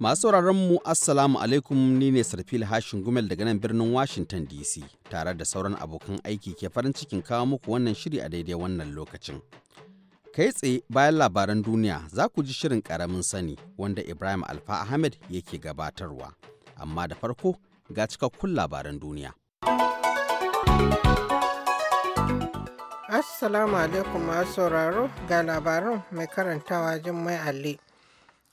Masu sauraron mu Assalamu alaikum ni ne Sarfil Hashin Gumel daga nan birnin Washington DC tare da sauran abokan aiki ke farin cikin kawo muku wannan shiri a daidai wannan lokacin. Kai tsaye bayan labaran duniya za ku ji shirin karamin sani wanda Ibrahim Alfa Ahmed yake gabatarwa. Amma da farko ga cikakkun labaran duniya. Assalamu alaikum masu sauraro ga labaran mai karantawa Jummai Ali.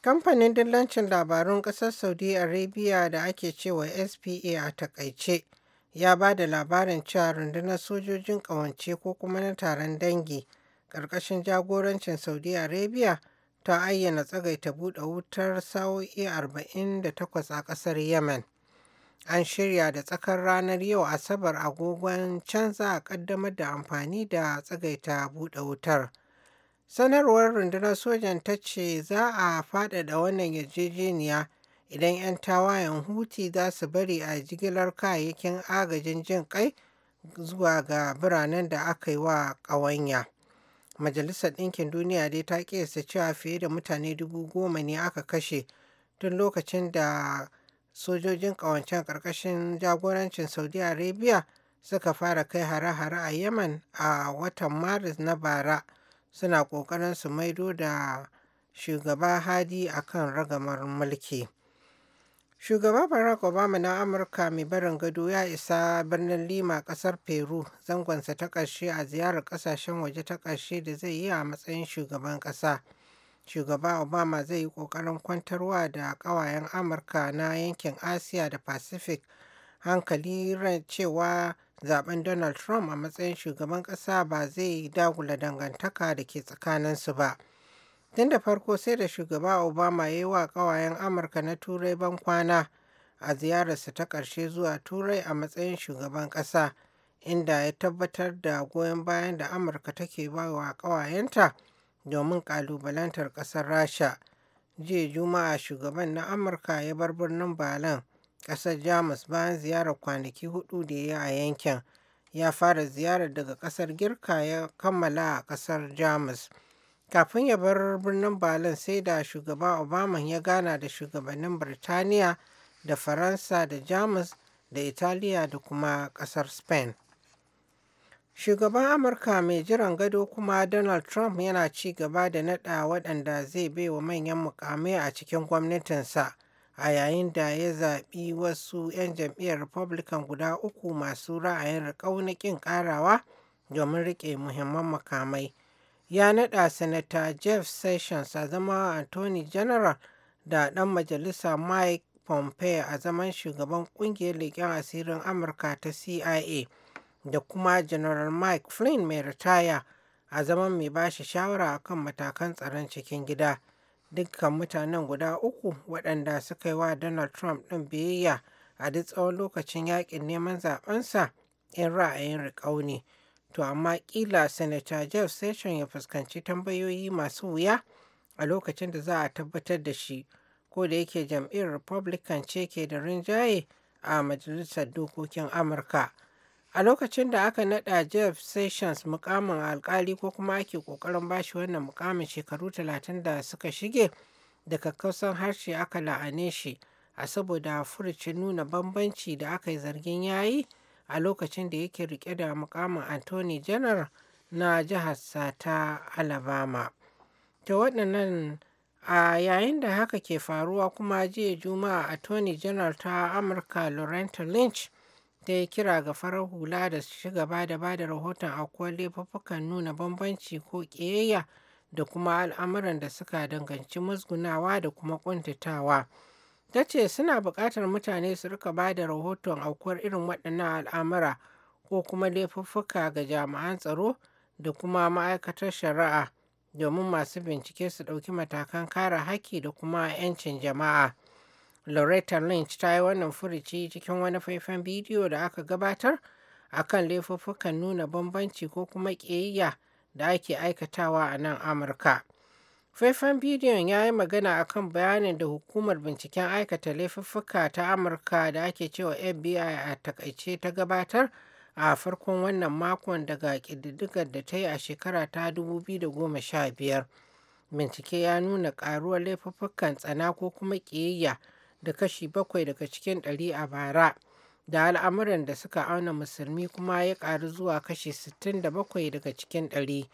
Kamfanin dillancin labarun ƙasar Saudi Arabia da ake cewa SPA a takaice ya ba da labarin cewa rundunar sojojin ƙawance ko kuma na taron dangi ƙarƙashin jagorancin Saudi Arabia ta ayyana tsagaita buɗe wutar sa'o'i 48 a ƙasar Yemen. An shirya da tsakar ranar yau Asabar agogon canza a ƙaddamar da amfani da tsagaita buɗe wutar. sanarwar rundunar sojan ta ce za a faɗaɗa wannan yarjejeniya idan 'yan tawayen huti za su bari a jigilar kayayyakin agajin jin kai zuwa ga biranen da aka yi wa ƙawanya majalisar ɗinkin duniya dai ta kiyasta cewa fiye da mutane dubu goma ne aka kashe tun lokacin da sojojin ƙawancen ƙarƙashin jagorancin saudi arabia suka fara kai hare-hare a yemen a watan maris na bara suna ƙoƙarin su maido da shugaba hadi a kan ragamar mulki shugaba barack obama na amurka mai barin gado ya isa birnin lima ƙasar peru zangonsa ta ƙarshe a ziyarar ƙasashen waje ta ƙarshe da zai yi a matsayin shugaban ƙasa shugaba obama zai yi ƙoƙarin kwantarwa da ƙawayen amurka na yankin asiya da pacific hankali ran cewa zaben Donald Trump a matsayin shugaban ƙasa ba zai dagula dangantaka da ke tsakaninsu ba. Tun da farko sai da shugaba Obama ya yi wa ƙawayen Amurka na Turai ban kwana a ziyararsa ta ƙarshe zuwa Turai a matsayin shugaban ƙasa, inda ya tabbatar da goyon bayan da Amurka take ba wa ƙawayenta domin ƙalubalantar ƙasar Rasha. Jiya Juma'a shugaban na Amurka ya bar birnin Berlin ƙasar Jamus bayan ziyarar kwanaki hudu da ya a yankin. Ya fara ziyarar daga ƙasar Girka ya kammala a ƙasar Jamus. Kafin ya bar birnin balin sai da shugaba Obama ya gana da shugabannin Birtaniya da Faransa da Jamus da Italiya da kuma ƙasar Spain. Shugaban Amurka mai jiran gado kuma Donald Trump yana ci gaba da naɗa waɗanda zai bai wa manyan mukamai a cikin gwamnatinsa a yayin da ya zaɓi wasu 'yan jam'iyyar Republican guda uku masu ra'ayin riƙau na ƙarawa domin riƙe muhimman makamai. Ya naɗa senator Jeff Sessions a zama Attorney General da ɗan majalisa Mike Pompeo a zaman shugaban ƙungiyar leƙen asirin Amurka ta CIA da kuma General Mike Flynn mai ritaya a zaman mai bashi shawara akan matakan tsaron cikin gida. Dukkan mutanen guda uku waɗanda suka yi wa Donald Trump ɗin biyayya a duk tsawon lokacin yaƙin neman zaɓensa 'yan ra'ayin riƙau ne. To amma ƙila Sanata Jeff Sessions ya fuskanci tambayoyi masu wuya a lokacin da za a tabbatar da shi, ko da yake jam'iyyar Republican ce ke da rinjaye a Majalisar Dokokin Amurka. a lokacin da aka naɗa jeff sessions mukamin alkali ko kuma ake kokarin bashi wannan mukamin shekaru talatin da suka shige da kakkausan harshe aka la'ane shi a saboda furucin nuna bambanci da aka yi zargin yayi a lokacin da yake rike da mukamin anthony janar na jihar ta alabama ta waɗannan a yayin da haka ke faruwa kuma jiya juma'a a attorney general ta amurka Laurent lynch ta yi kira ga farar hula da su shiga gaba da ba da rahoton aukuwar laifuffukan nuna bambanci ko ƙiyayya da kuma al'amuran da suka danganci musgunawa da kuma ƙuntatawa. Ta ce suna buƙatar mutane su rika ba da rahoton aukuwar irin waɗannan al'amura ko kuma laifuffuka ga jami'an tsaro da kuma ma'aikatar shari'a domin masu bincike su ɗauki matakan kare haƙƙi da kuma 'yancin jama'a. loretta lynch ta yi wannan furuci cikin wani faifan bidiyo da aka gabatar a kan laifuffukan nuna bambanci ko kuma ƙiyayya da ake aikatawa a nan amurka faifan bidiyon ya yi magana a kan bayanin da hukumar binciken aikata laifuffuka ta amurka da ake cewa fbi a takaice ta gabatar a farkon wannan makon daga ƙididdigar da ta yi a shekara ta 2015 bincike ya nuna ƙaruwar laifuffukan tsana ko kuma ƙiyayya da kashi bakwai daga cikin ɗari a bara da al'amuran da suka auna musulmi kuma ya ƙaru zuwa kashi sittin da bakwai daga cikin ɗari.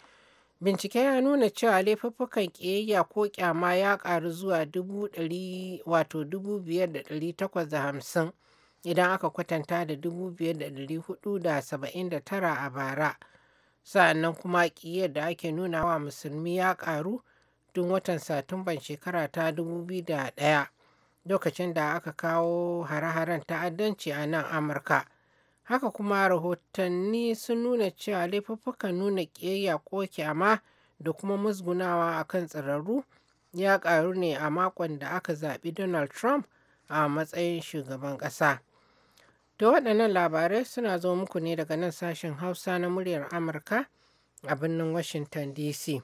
Bincike ya nuna cewa laifuffukan ƙiyayya ko ƙyama ya ƙaru zuwa 5,850 idan aka kwatanta da 5,479 a bara. Sa'annan kuma ƙiyayya da ake nuna wa musulmi ya ƙaru tun watan Satumban shekara ta 2001 lokacin da aka kawo hare-haren ta'addanci a nan amurka haka kuma rahotanni sun nuna cewa laifuffukan nuna ƙiyayya ko kyama da kuma musgunawa a kan tsirarru ya ƙaru ne a makon da aka zaɓi donald trump a matsayin shugaban ƙasa da waɗannan labarai suna zo muku ne daga nan sashen hausa na muryar amurka a birnin washington dc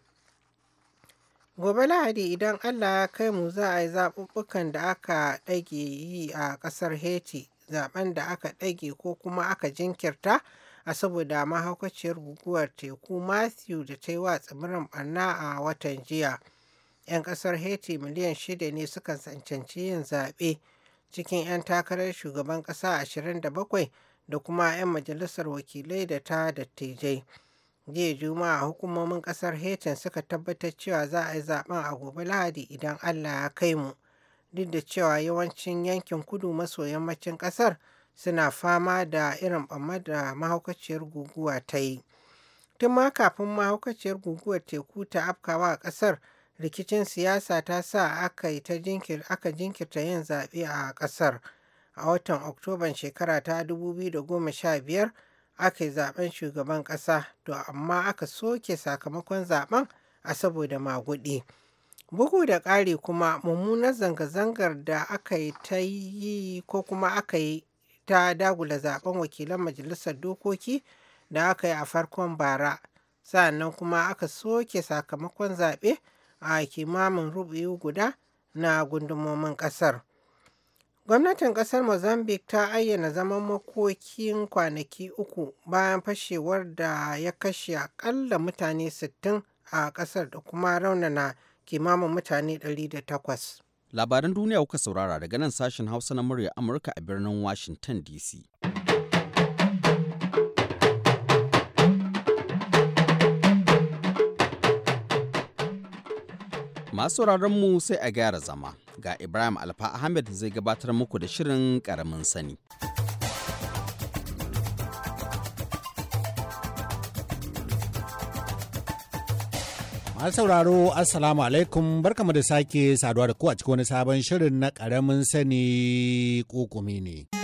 Gobe Lahadi idan Allah ya kai mu za a yi zaɓuɓɓukan da aka ɗage yi a ƙasar Haiti, zaɓen da aka ɗage ko kuma aka jinkirta a saboda mahaukaciyar guguwar teku Matthew da ta yi wa tsibirin barna a watan jiya. 'Yan ƙasar Haiti miliyan shida ne suka cancanci yin zaɓe cikin 'yan takarar shugaban ƙasa 27 da kuma 'yan majalisar wakilai da ta dattijai. jiya juma'a hukumomin kasar haiti suka tabbatar cewa za a yi zaben a gobe lahadi idan allah ya kai mu duk da cewa yawancin yankin kudu maso yammacin kasar suna fama da irin bamma da mahaukaciyar guguwa ta yi tun ma kafin mahaukaciyar guguwar teku ta afkawa a kasar rikicin siyasa ta sa aka yi ta aka jinkirta yin zaɓe a kasar a watan oktoban shekara ta 2015 aka yi zaben shugaban ƙasa to amma aka soke sakamakon zaben a saboda maguɗi. Bugu da ƙari kuma mummunar zanga-zangar da aka yi ta yi ko kuma aka yi ta dagula zaben wakilan majalisar dokoki da aka yi a farkon bara sannan kuma aka soke sakamakon zaɓe a kimamin rubu guda na gundumomin ƙasar. Gwamnatin ƙasar Mozambique ta ayyana zaman makokin kwanaki uku bayan fashewar da ya kashe akalla mutane 60 a ƙasar da kuma raunana kimanin mutane 108. Labaran duniya kuka saurara daga nan sashen Hausa na murya Amurka a birnin Washington DC. Masu mu sai a gyara zama ga Ibrahim Alfa Ahmed zai gabatar muku da shirin karamin sani. Masu sauraro Assalamu alaikum barkamu da sake saduwa da ku a cikin wani sabon shirin na karamin sani kokumi ne.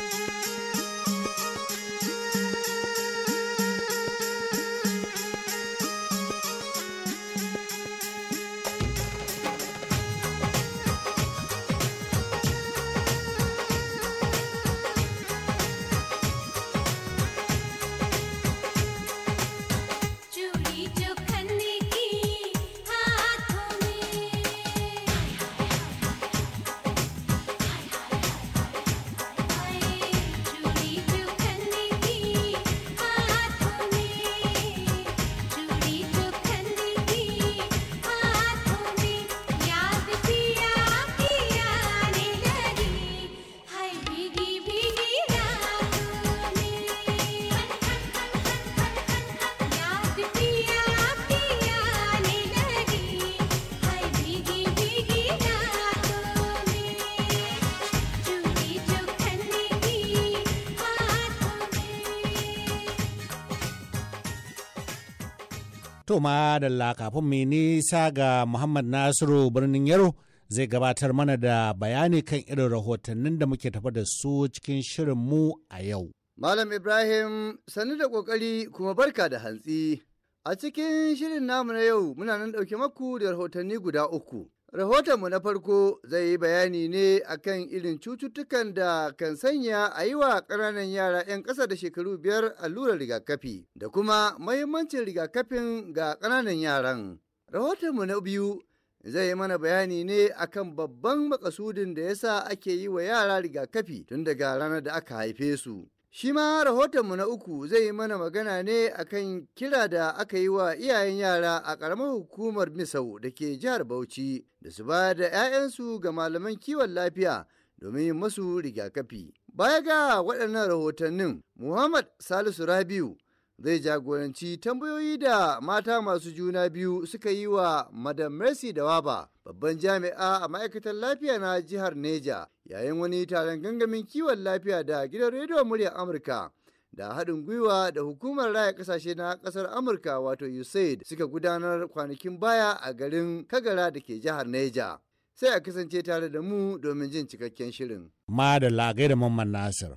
To ma da kafin mai nisa ga Muhammad Nasiru birnin Yaro zai gabatar mana da bayani kan irin rahotannin da muke tafa da su cikin shirin mu a yau. Malam Ibrahim sani da kokari kuma barka da hantsi. A cikin shirin namu na yau muna nan ɗauke maku da rahotanni guda uku. Rahotonmu na farko zai yi bayani ne akan irin cututtukan da kan sanya a yi wa ƙananan yara 'yan ƙasa da shekaru biyar allurar rigakafi da kuma mahimmancin rigakafin ga ƙananan yaran. Rahotonmu na biyu zai yi mana bayani ne akan babban makasudin da yasa ake yi wa yara rigakafi tun daga ranar da aka haife su Shi ma rahotonmu na uku zai yi mana magana ne akan kira da aka yi wa iyayen yara a ƙaramar hukumar Misau da ke jihar Bauchi da su ba da 'ya'yansu ga malaman kiwon lafiya domin masu rigakafi. Baya ga waɗannan rahotannin, Muhammad Salisu Rabiu zai jagoranci tambayoyi da mata masu juna biyu suka yi wa madam mercy da waba babban jami'a a ma'aikatar lafiya na jihar neja yayin wani taron gangamin kiwon lafiya da gidan rediyo muryar amurka da haɗin gwiwa da hukumar raya ƙasashe na ƙasar amurka wato usaid suka gudanar kwanakin baya a garin kagara da ke jihar neja sai a kasance tare da mu domin jin cikakken shirin ma da lagai da mamman nasir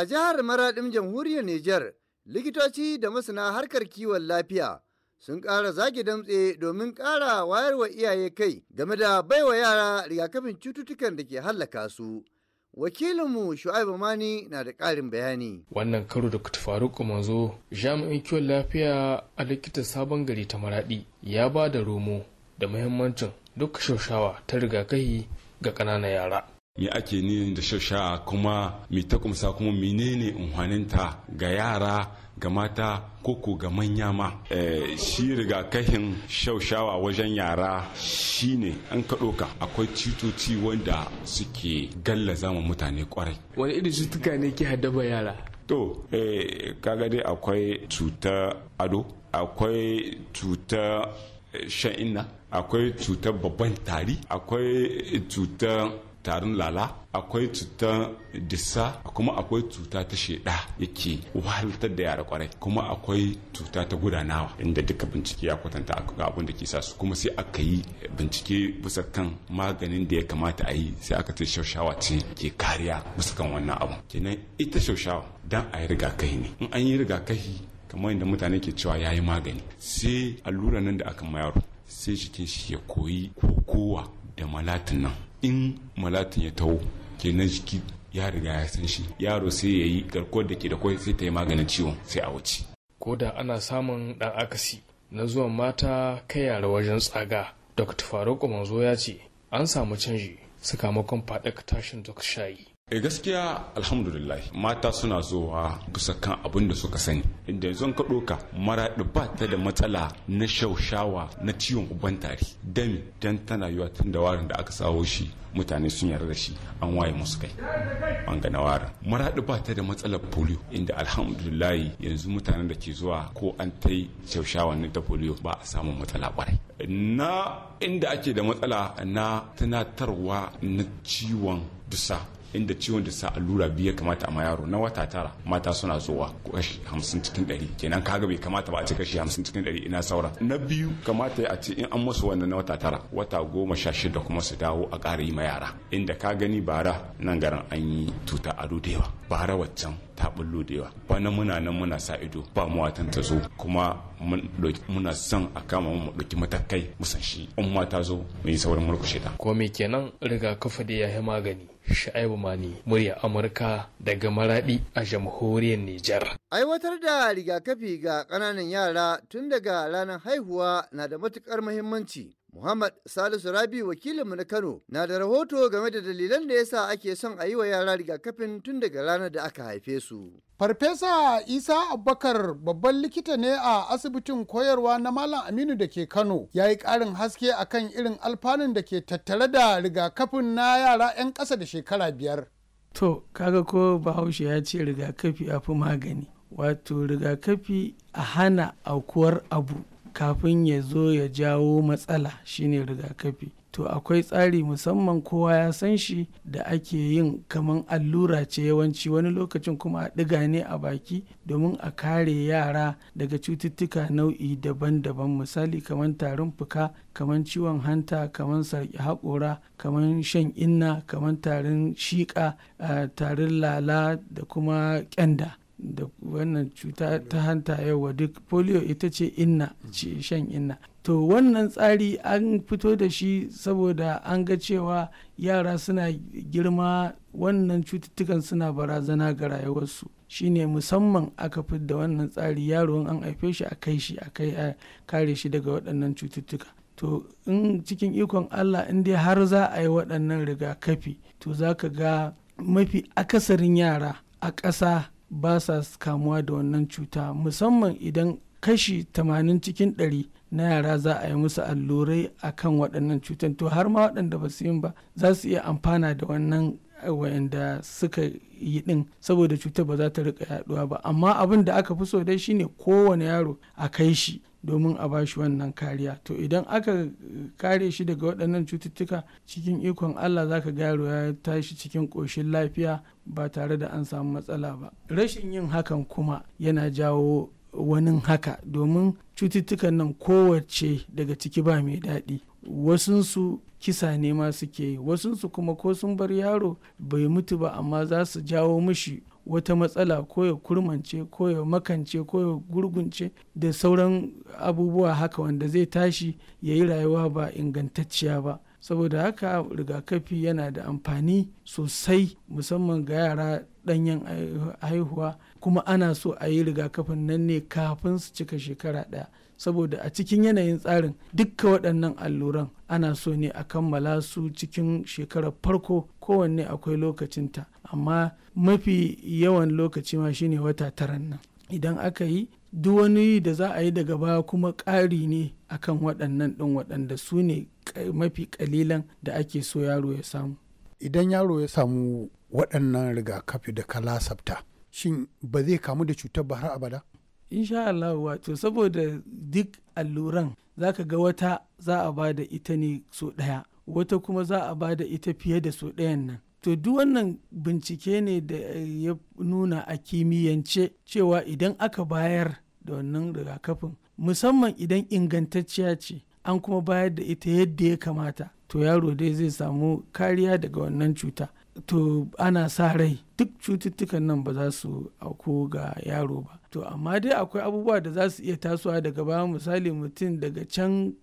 A jihar Maraɗin Jamhuriyar Nijar, likitoci da masana harkar kiwon lafiya sun ƙara zage damtse domin ƙara wayarwa iyaye kai game da baiwa yara rigakafin cututtukan da ke hallaka su. Wakilinmu Shu'aibu Mani na da ƙarin bayani. Wannan karo da kuta faruk manzo jami'in kiwon lafiya a likitan sabon gari ta maraɗi ya ba da romo da muhimmancin duk shaushawa ta rigakafi ga ƙananan yara. me ake ni da shasha kuma me ta kumsa kuma menene unhaninta ga yara ga mata koko ga manya ma eh, shi rigakafin shaushawa wajen yara shine an ka doka akwai cutoci wanda suke galla ma mutane kwarai wani irin cutuka ne ke haddaba yara to eh, kaga dai akwai cuta ado akwai cuta eh, sha'inna akwai cutar babban tari akwai cutar tarin lala akwai cutar disa. kuma akwai cuta ta sheda yake wahaltar da yara kwarai kuma akwai cuta ta gudanawa inda duka bincike ya kwatanta akwai abin da ke sa su kuma sai aka yi bincike bisa kan maganin da ya kamata a yi sai aka ce shaushawa ce ke kariya bisa kan wannan abu kenan ita shaushawa dan a yi rigakafi ne in an yi rigakafi kamar yadda mutane ke cewa ya yi magani sai allura nan da aka mayar sai jikin shi ya koyi kokowa da malatin nan in malatin ya taho kenan jiki ya riga ya san shi yaro sai ya yi garkuwar da ke da kwai sai ta yi maganin ciwon sai a wuce ko da ana samun ɗan akasi na zuwan mata kai yara wajen tsaga dr faruk manzo ya ce an samu canji sakamakon faɗaka tashin duk shayi e gaskiya alhamdulillah mata suna zuwa bisa kan abin da suka sani inda yanzu ka ɗoka maraɗi ba ta da matsala na shaushawa na ciwon uban tari dami dan tana yiwa tun da warin da aka sawo shi mutane sun yarda da shi an waye musu kai an gana warin maraɗi ba ta da matsalar polio inda alhamdulillah yanzu mutanen da ke zuwa ko an ta yi shaushawa na ta polio ba a samun matsala kwarai na inda ake da matsala na tunatarwa na ciwon dusa inda ciwon da sa allura biyu kamata a yaro na wata tara mata suna zuwa kashi hamsin cikin ɗari kenan kaga bai kamata ba a ce kashi hamsin cikin ɗari ina saura na biyu kamata a ce in an musu wannan na wata tara wata goma sha shida kuma su dawo a ƙara yi ma yara inda ka gani bara nan garin an yi tuta ado da yawa bara waccan ta bullo da yawa bana muna nan muna sa ido ba mu watan ta zo kuma muna son a kama mu ɗauki matakai musan shi in mata zo mu yi saurin murkushe ta. ko me kenan rigakafi da ya magani. Sha'ibu Mani, murya Amurka daga maraɗi a jamhuriyar Nijar. Aiwatar da rigakafi ga ƙananan yara tun daga ranar haihuwa na da matuƙar muhimmanci. Muhammad Salisu Rabi wakilinmu na Kano na da rahoto game da dalilan da yasa ake son a yi wa yara rigakafin tun daga ranar da aka haife su. farfesa isa abubakar babban likita ne a asibitin koyarwa na malam aminu da ke kano ya yi ƙarin haske akan irin alfanun da ke tattare da rigakafin na yara 'yan ƙasa da shekara biyar to kaga ko bahaushe ya ce rigakafi a fi magani wato rigakafi a hana aukuwar abu kafin ya zo ya jawo matsala shine rigakafi to akwai tsari musamman kowa ya san shi da ake yin kaman allura ce yawanci wani lokacin kuma a ɗiga ne a baki domin a kare yara daga cututtuka nau'i daban-daban misali kaman tarin fuka kaman ciwon hanta kaman sarki haƙora kaman shan inna kaman tarin shiƙa eh, tarin lala da kuma ƙyanda da wannan cuta ta hanta yawa duk polio ita ce inna mm. ce shan inna to wannan tsari an fito da shi saboda an ga cewa yara suna girma wannan cututtukan suna barazana ga rayuwarsu shine musamman aka fi da wannan tsari yaro an haife shi a kai shi a kai a kare shi daga waɗannan cututtuka to in cikin ikon allah in dai har za a yi waɗannan rigakafi to za ka ga mafi akasarin yara a ƙasa ba sa kamuwa da wannan cuta musamman idan kashi tamanin cikin ɗari na yara za a yi musu allurai akan waɗannan cutan to har ma waɗanda ba su yin ba za su iya amfana da wannan wa'anda suka yi din saboda cutar ba za ta rika yaduwa ba amma abin da aka fi so dai shine kowane yaro a kai shi domin a bashi wannan kariya to idan aka kare shi daga waɗannan cututtuka cikin ikon allah za ka yaro ya tashi cikin ƙoshin lafiya ba tare da an samu matsala ba rashin yin hakan kuma yana jawo wani haka domin cututtukan nan kowace daga ciki ba mai daɗi wasunsu kisa ne ma suke yi wasunsu kuma ko sun bar yaro bai mutu ba amma za su jawo mishi wata matsala ko ya kurmance ko ya makance ko ya gurgunce da sauran abubuwa haka wanda zai tashi ya yi rayuwa ba ingantacciya ba saboda haka rigakafi yana da amfani sosai musamman ga yara ɗanyen haihuwa kuma ana so a yi rigakafin nan ne kafin su cika shekara ɗaya saboda a cikin yanayin tsarin dukka waɗannan alluran ana so ne a kammala su cikin shekarar farko kowanne akwai lokacinta amma mafi yawan lokaci ma shine wata taran nan idan aka yi duk wani da za a yi daga baya kuma ƙari ne akan waɗannan ɗin waɗanda su ne mafi ƙalilan da ake so yaro ya samu idan yaro ya samu waɗannan rigakafi da sabta shin ba zai kamu da cutar ba har abada insha Allah wato saboda duk alluran za ka ga wata za a ba da ita ne so ɗaya wata kuma za a ba da ita fiye da so ɗayan nan to duk wannan bincike ne da ya nuna a kimiyyance cewa idan aka bayar da wannan rigakafin musamman idan ingantacciya ce an kuma bayar da ita yadda ya kamata to yaro dai zai samu kariya daga wannan cuta to ana sa rai duk cututtukan nan ba za su auku ga yaro ba to amma dai akwai abubuwa da za su iya tasowa daga baya misali mutum daga can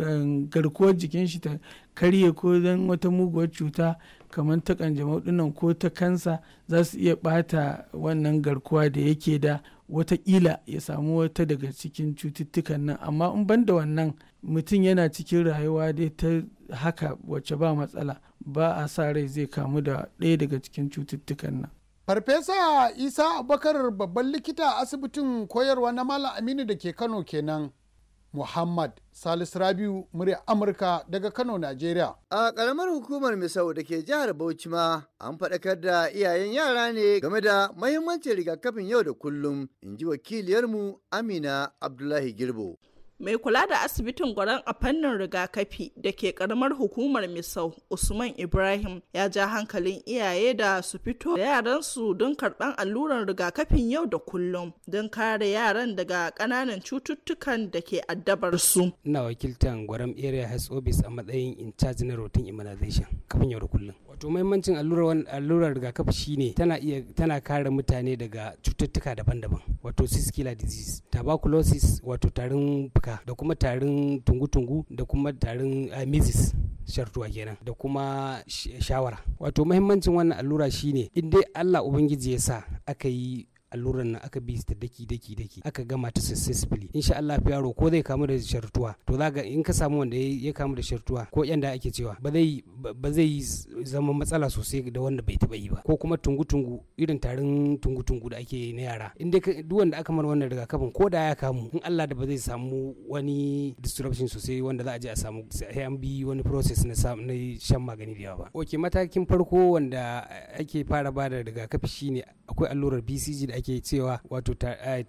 eh, garkuwar jikin shi ta karye ko don wata muguwar cuta kamar ta kanjamau dinnan ko ta kansa za su iya bata wannan garkuwa da yake da watakila ya samu wata daga cikin cututtukan nan amma in ban da wannan mutum yana cikin rayuwa dai ta haka wacce ba matsala ba a sa rai zai kamu da ɗaya daga cikin cututtukan nan farfesa isa abubakar babban likita asibitin koyarwa na malam aminu da ke kano kenan Muhammad Salisu Rabiu murya Amurka daga Kano, Najeriya. A ƙaramar hukumar Misau da ke jihar Bauchi ma an faɗakar da iyayen yara ne game da mahimmancin rigakafin yau da kullum, in ji wakiliyarmu Amina Abdullahi Girbo. mai kula da asibitin gwaron a fannin rigakafi da ke karamar hukumar misau usman ibrahim ya ja hankalin iyaye da su fito da yaransu don karɓan allurar rigakafin yau da kullum don kare yaran daga ƙananan cututtukan da ke addabar su ina wakiltan gwaram area health office a matsayin in charge na routine immunization kafin yau da kullum wato maimancin allurar rigakafi shine tana iya tana kare mutane daga cututtuka daban-daban wato siskila disease tuberculosis wato tarin fuka haka da kuma tarin tungu-tungu da kuma tarin eh, mizis shartuwa kenan da kuma shawara wato muhimmancin wannan allura shine in dai allah ubangiji ya sa aka yi allurar nan aka bi ta daki daki daki aka gama ta successfully insha Allah yaro ko zai kamu da shartuwa to zaga in ka samu wanda ya kamu da shartuwa ko yan da ake cewa ba zai ba zai zama matsala sosai da wanda bai taba yi ba ko kuma tungu tungu irin tarin tungu tungu da ake na yara in dai duk wanda aka mar wannan rigakafin ko da ya kamu in Allah da ba zai samu wani disruption sosai wanda za a je a samu sai an bi wani process na na shan magani da yawa ba okay matakin farko wanda ake fara ba da rigakafi shine akwai allurar BCG da ake cewa wato ta eh,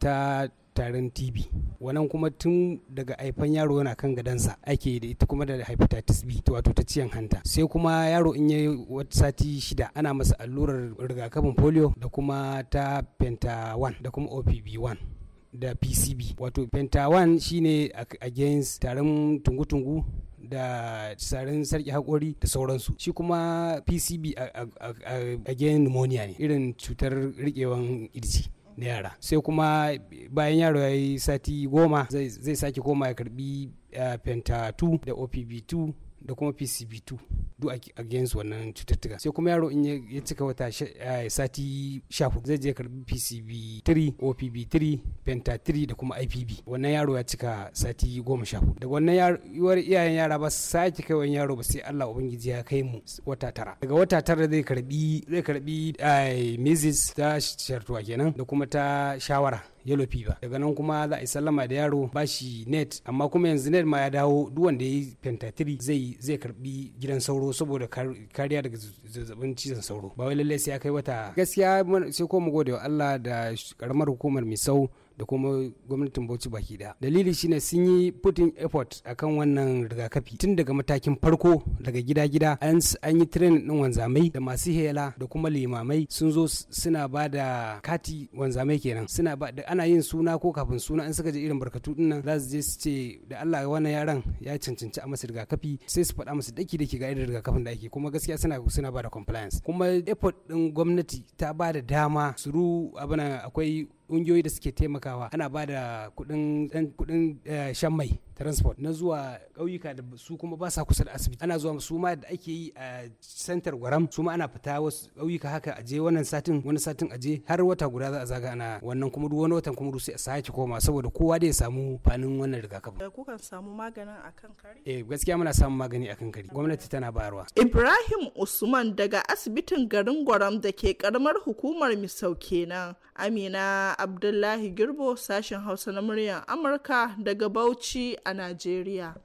tarin tb wannan kuma tun daga haifan yaro yana kan gadansa ake da ita kuma da hepatitis b wato ta ciyan hanta sai kuma yaro in yi wata sati shida ana masa allurar rigakafin polio da kuma ta penta 1 da kuma opb 1 da pcb wato penta 1 shine against tarin tungu-tungu da tsarin sarki hakori. da sauransu shi kuma pcb again pneumonia ne irin cutar riƙewan irji na yara sai kuma bayan yaro ya yi sati goma zai sake koma ya karbi eh, penta 2 da opb 2 da kuma PCB2 duk a gensu wannan cututtuka sai kuma yaro in ya cika wata eh, sati sha zai je karbi PCB3 OPB3 Penta3 da kuma IPB wannan yaro ya cika sati goma sha hudu daga wannan iyayen yara ba sake kai wani yaro ba sai Allah ubangiji ya kai mu wata tara daga wata tara zai karbi zai karbi eh, measles ta shartuwa kenan da kuma ta shawara yellow fever daga nan kuma za a yi sallama da yaro ba shi net amma kuma yanzu net ma ya dawo duk wanda ya yi pentatiri zai zai karbi gidan sauro saboda kariya daga zazzabin cizon sauro ba wai lallai sai ya kai wata gaskiya sai ko mu gode wa Allah da karamar hukumar misau da kuma gwamnatin Bauchi baki daya dalili shine sun yi putting effort akan wannan rigakafi tun daga matakin farko daga gida gida an yi train din wanzamai da masu hela da kuma limamai sun zo suna ba da kati wanzamai kenan suna ba da ana yin suna ko kafin suna an suka je irin barkatu din nan za su je su ce da Allah wannan yaran ya cancanci a masa rigakafi sai su faɗa musu daki daki ga irin rigakafin da ake kuma gaskiya suna suna ba da compliance kuma effort din gwamnati ta ba da dama ru abana akwai kungiyoyi da suke taimakawa ana ba da kuɗin eh, shan mai transport na zuwa ƙauyuka da su kuma ba sa kusa da asibiti ana zuwa su ma da ake yi a santar gwaram su ma ana fita wasu ƙauyuka haka a je wannan satin wani satin a je har wata guda za a zaga ana wannan kuma duk wani watan kuma sai a sake koma saboda kowa da ya samu fanin wannan rigakafi kukan samu maganin akan kari eh gaskiya muna samun magani akan kari gwamnati tana bayarwa Ibrahim Usman daga asibitin garin Gwaram da ke karamar hukumar Misau kenan Amina Abdullahi Girbo sashen Hausa na muryar Amurka daga Bauchi a a Najeriya.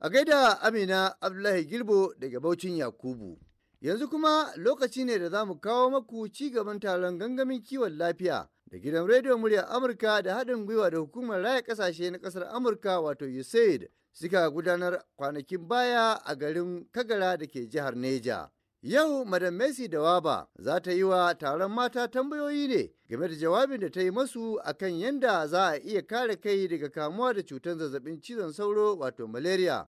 A gaida Amina Abdullahi Gilbo daga Baucin Yakubu. Yanzu kuma lokaci ne da za mu kawo maku ci gaban taron gangamin kiwon lafiya da gidan Radio muryar Amurka da haɗin gwiwa da hukumar raya ƙasashe na ƙasar Amurka wato USAID suka gudanar kwanakin baya a garin Kagara da ke jihar Neja. Yau Madam Messi da Waba za ta yi wa taron mata tambayoyi ne game da jawabin da ta yi masu akan yadda za a iya kare kai daga kamuwa da cutar zazzabin cizon sauro wato malaria.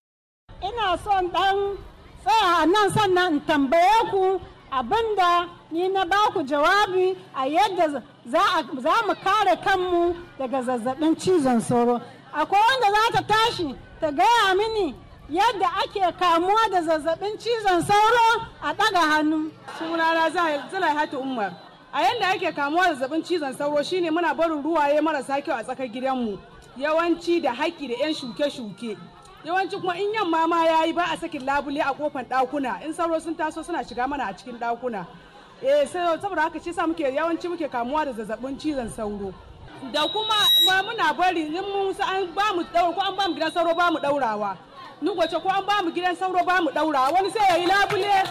Ina son ɗan tsaya nan sannan in tambaye ku abinda ni na ba ku jawabi a yadda za mu kare kanmu daga zazzabin cizon sauro. Akwai wanda za ta tashi ta gaya mini yadda ake kamuwa da zazzabin cizon sauro a ɗaga hannu. Sunana Hatu Umar. A yadda ake kamuwa da zazzabin cizon sauro shine muna barin ruwaye marasa kyau a tsakar gidanmu. Yawanci da haƙƙi da 'yan shuke-shuke. Yawanci kuma in yamma ma ya yi ba a sakin labule a kofar dakuna, In sauro sun taso suna shiga mana a cikin ɗakuna. Eh saboda haka shi sa muke yawanci muke kamuwa da zazzabin cizon sauro. Da kuma muna bari in mun an ba mu ko an ba mu gidan sauro ba mu ɗaurawa. ni ko an bamu gidan sauro bamu daura wani sai yi labule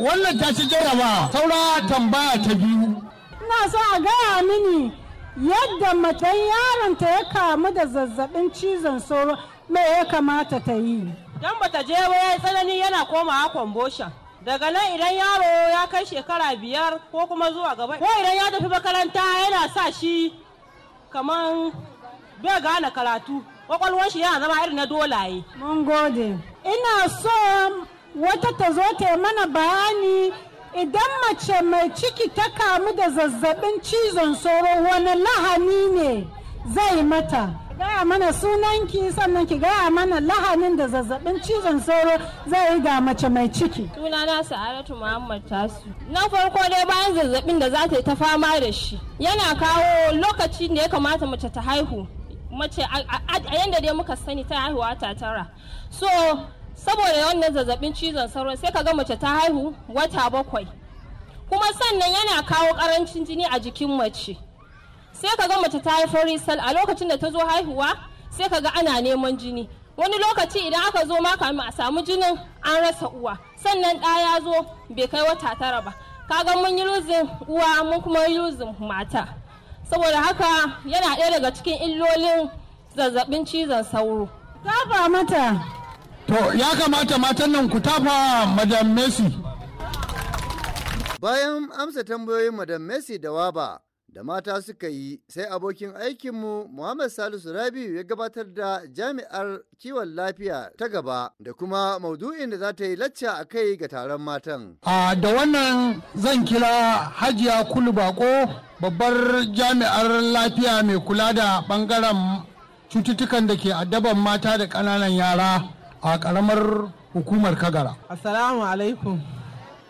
wannan ta ci jaraba saura tambaya ta biyu ina so a gaya mini yadda matan ta ya kamu da zazzabin cizon sauro me ya kamata ta yi dan bata je ba yayi tsanani yana koma komawa kwamboshan daga nan idan yaro ya kai shekara biyar ko kuma zuwa gaba ko idan ya tafi makaranta yana sa shi kaman bai gane karatu kwakwalwar shi yana zama irin na dolaye. Mun gode. Ina so wata ta zo ta mana bayani idan mace mai ciki ta kamu da zazzabin cizon sauro wani lahani ne zai mata. Gaya mana sunanki sannan ki gaya mana lahanin da zazzabin cizon sauro zai yi ga mace mai ciki. Sunana Sa'adatu Muhammad Tasu. Na farko dai bayan zazzabin da za ta yi ta fama da shi. Yana kawo lokacin da ya kamata mace ta haihu. mace a yadda dai muka sani ta haihuwa ta tara so saboda wannan zazzabin cizon sauro sai ga mace ta haihu wata bakwai kuma sannan yana kawo karancin jini a jikin mace sai kaga mace ta haifar risal a lokacin da ta zo haihuwa sai ka ga ana neman jini wani lokaci idan aka zo ma kamin a samu jinin an rasa uwa sannan ɗa ya zo bai kai wata tara ba kaga mun yi luzin uwa mun kuma yi luzin mata saboda haka yana ɗaya daga cikin illolin zazzabin cizon sauro tafa mata to ya kamata matan nan ku tafa madam messi bayan amsa tambayoyin madam messi da waba da mata suka yi sai abokin aikinmu Muhammad Salisu Rabiu ya gabatar da jami'ar kiwon lafiya ta gaba da kuma maudu'in da za ta yi lacca a kai ga taron matan. A da wannan zan kira Hajiya Kulubako babbar jami'ar lafiya mai kula da bangaren cututtukan da ke addaban mata da ƙananan yara a ƙaramar hukumar kagara assalamu alaikum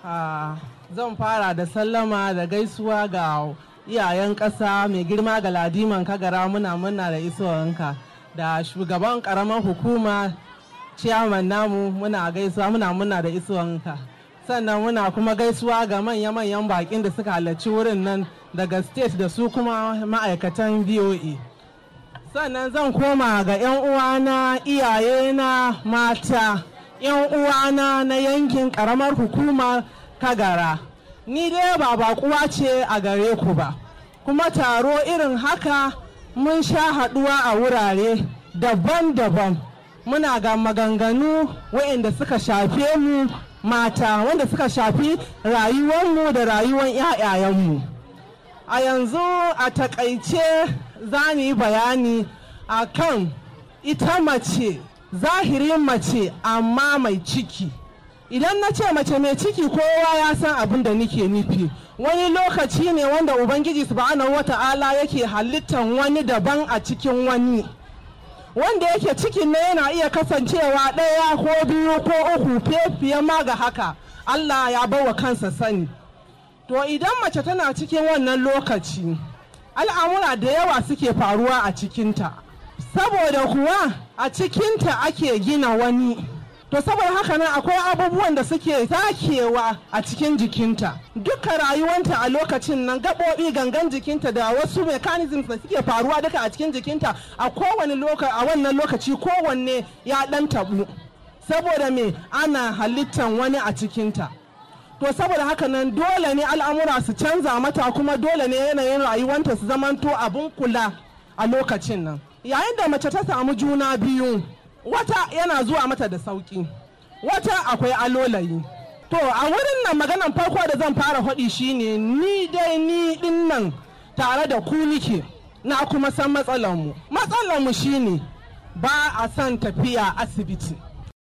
ah, zan fara da sallama da gaisuwa ga iyayen ƙasa mai girma ga ladiman kagara muna muna da isowanka da shugaban ƙaramar hukuma ciyaman namu muna gaisuwa muna muna da isowanka sannan muna kuma gaisuwa ga manya-manyan baƙin da suka halarci wurin nan daga state da su kuma ma'aikatan VOE. sannan zan koma ga 'yan uwana iyaye na mata 'yan uwana na yankin karamar hukumar kagara ni dai ba bakuwa ce a gare ku ba kuma taro irin haka mun sha haɗuwa a wurare daban-daban muna ga maganganu waɗanda suka shafe mu mata wanda suka shafi rayuwarmu da rayuwar 'ya'yayenmu a yanzu a takaice za mu yi bayani a kan ita mace zahirin mace amma mai ciki idan na ce mace mai ciki kowa ya san abin da nike nufi wani lokaci ne wanda ubangiji subhanahu ta'ala yake halittan wani daban a cikin wani wanda yake cikin ne yana iya kasancewa ɗaya ko biyu ko uku fiye ma ga haka allah ya bawa kansa sani to idan mace tana cikin wannan lokaci al'amura da yawa suke faruwa a cikinta saboda kuwa a cikinta ake gina wani to saboda haka nan akwai abubuwan da suke takewa a cikin jikinta duka rayuwanta a lokacin nan gaɓoɓi gangan jikinta da wasu mechanisms da suke faruwa duka a cikin jikinta a kowane lokaci a wannan lokaci kowanne ya ɗan tabu saboda me ana halittan wani a cikinta to saboda haka nan dole ne al'amura su canza mata kuma dole ne yanayin rayuwanta su zamanto abin kula a lokacin nan yayin da mace ta samu juna biyu wata yana zuwa mata da sauki wata akwai alolayi to a wurin nan maganan farko da zan fara faɗi shine ni dai ni din nan tare da ku nike na kuma san mu. matsalar mu shine ba a son tafiya asibiti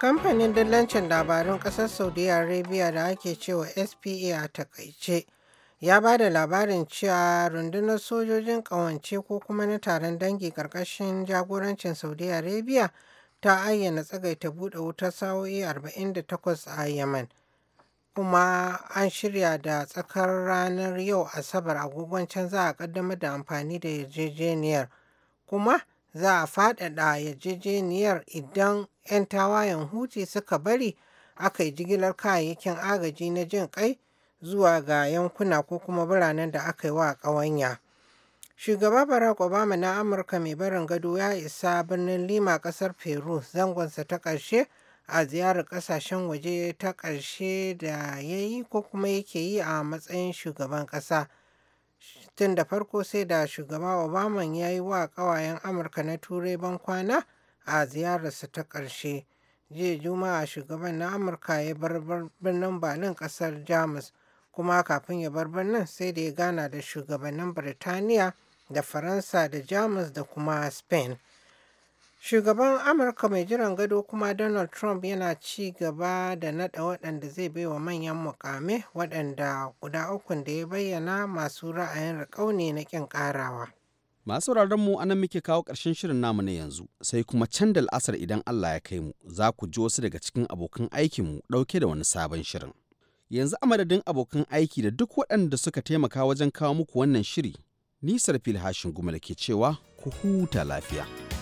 Kamfanin dillancin labarun ƙasar Saudi Arabia da ake cewa SPA a takaice ya ba da labarin cewa rundunar sojojin ƙawance ko kuma na taron dangi ƙarƙashin jagorancin Saudi Arabia ta ayyana tsagaita buɗe wutar sa'o'i 48 a Yemen. Kuma an shirya da tsakar ranar yau Asabar agogon can za a ƙaddamar da amfani da yarjejeniyar. Kuma za a faɗaɗa yarjejeniyar idan 'yan tawayen huti suka bari aka yi jigilar kayayyakin agaji na jin kai zuwa ga yankuna ko kuma biranen da aka yi wa ƙawanya. Shugaba Barack Obama na Amurka mai barin gado ya isa birnin Lima ƙasar Peru zangonsa ta ƙarshe a ziyarar ƙasashen waje ta ƙarshe da ya yi ko kuma yake yi a matsayin shugaban ƙasa. Tun da farko sai da shugaba Obama ya yi wa ƙawayen Amurka na Turai ban kwana a ziyararsa ta ƙarshe jiya juma'a shugaban na amurka ya bar birnin berlin ƙasar jamus kuma kafin ya bar birnin sai da ya gana da shugabannin birtaniya da faransa da jamus da kuma spain shugaban amurka mai jiran gado kuma donald trump yana ci gaba da nada waɗanda zai baiwa manyan mukame waɗanda guda ukun da ya bayyana masu ra'ayin rikau ne na ƙin ƙarawa Masu mu anan muke kawo ƙarshen shirin namu na yanzu, sai kuma can da la'asar idan Allah ya kai mu, za ku ji wasu daga cikin abokan aikinmu ɗauke da wani sabon shirin. Yanzu a madadin abokan aiki da duk waɗanda suka taimaka wajen kawo muku wannan shiri, nisar Sarfil hashin gumal ke cewa ku huta lafiya.